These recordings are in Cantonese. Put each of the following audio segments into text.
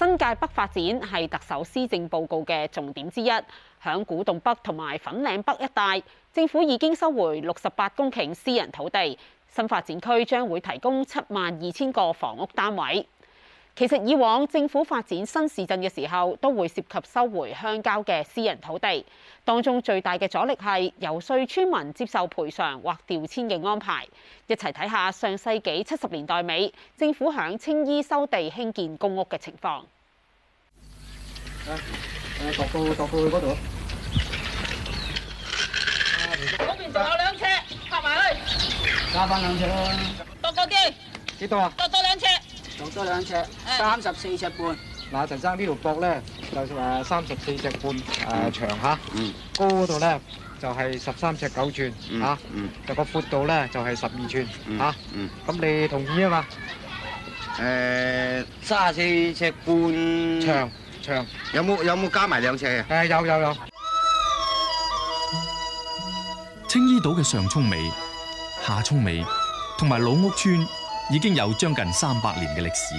新界北發展係特首施政報告嘅重點之一，響古洞北同埋粉嶺北一帶，政府已經收回六十八公頃私人土地，新發展區將會提供七萬二千個房屋單位。其實以往政府發展新市鎮嘅時候，都會涉及收回鄉郊嘅私人土地，當中最大嘅阻力係游說村民接受賠償或調遷嘅安排。一齊睇下上世紀七十年代尾，政府響青衣收地興建公屋嘅情況。嗯。嗰、嗯、度。嗰邊、啊、有兩尺，拍埋去。加翻兩尺啦。高高啲。幾多，多，多，多多兩尺，三十四尺半。嗱，陳生呢條角咧，就誒三十四尺半誒長吓，嗯，高度咧就係十三尺九寸，吓，嗯，個闊度咧就係十二寸，吓，嗯，咁你同意啊嘛？誒，三十四尺半長長，有冇有冇加埋兩尺啊？誒，有有有。青衣島嘅上涌尾、下涌尾同埋老屋村。已經有將近三百年嘅歷史，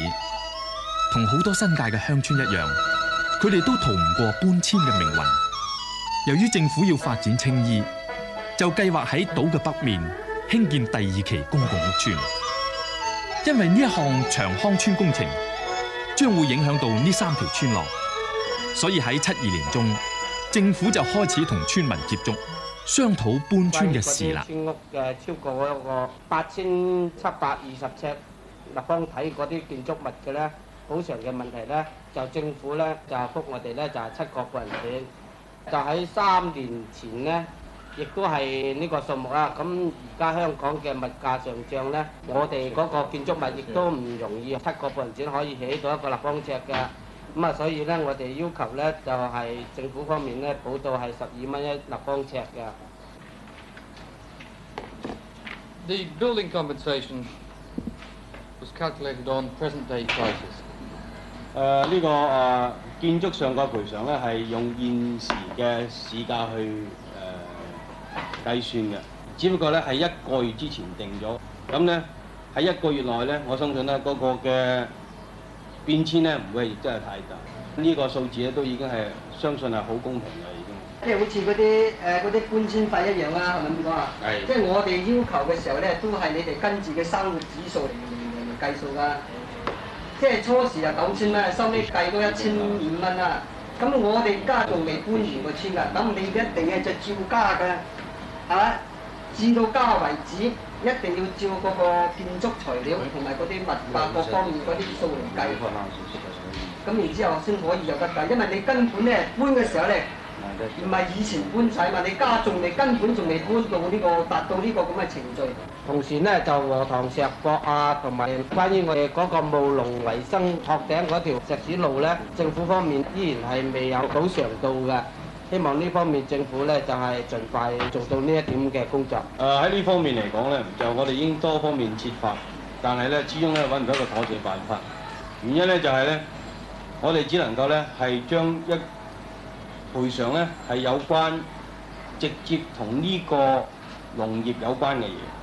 同好多新界嘅鄉村一樣，佢哋都逃唔過搬遷嘅命運。由於政府要發展青衣，就計劃喺島嘅北面興建第二期公共屋邨。因為呢一項長康村工程，將會影響到呢三條村落，所以喺七二年中，政府就開始同村民接觸。商討搬村嘅事啦。村屋嘅超過一個八千七百二十尺立方體嗰啲建築物嘅咧，補償嘅問題咧，就政府咧就覆我哋咧就係、是、七個半人錢。就喺三年前咧，亦都係呢個數目啦。咁而家香港嘅物價上漲咧，我哋嗰個建築物亦都唔容易七個半人錢可以起到一個立方尺嘅。咁啊，所以咧，我哋要求咧，就係、是、政府方面咧，補到係十二蚊一立方尺嘅。The building compensation was calculated on present-day prices.、呃這個呃、呢個誒建築上個賠償咧，係用現時嘅市價去誒、呃、計算嘅，只不過咧係一個月之前定咗，咁咧喺一個月內咧，我相信咧嗰個嘅。變遷咧唔會真係太大，呢個數字咧都已經係相信係好公平嘅已經。即係好似嗰啲誒啲搬遷費一樣啦，係咪咁講啊？係。即係我哋要求嘅時候咧，都係你哋跟住嘅生活指數嚟計數㗎。即係初時啊九千蚊，收尾計多一千五蚊啦。咁我哋家仲未搬完個村噶，咁你一定係就照加㗎，係嘛？至到家為止，一定要照嗰個建築材料同埋嗰啲物價各方面嗰啲數嚟計。咁、嗯、然之後先可以有得計，因為你根本咧搬嘅時候咧，唔係、嗯、以前搬曬嘛，你加重你根本仲未搬到呢、呢個達到呢個咁嘅程序。同時咧，就禾塘石角啊，同埋關於我哋嗰個霧龍衞生殼頂嗰條石子路咧，政府方面依然係未有補償到嘅。希望呢方面政府呢就係、是、盡快做到呢一點嘅工作。誒喺呢方面嚟講呢，就我哋已經多方面設法，但係呢始終呢揾唔到一個妥善辦法。原因呢就係、是、呢，我哋只能夠呢係將一賠償呢，係有關直接同呢個農業有關嘅嘢。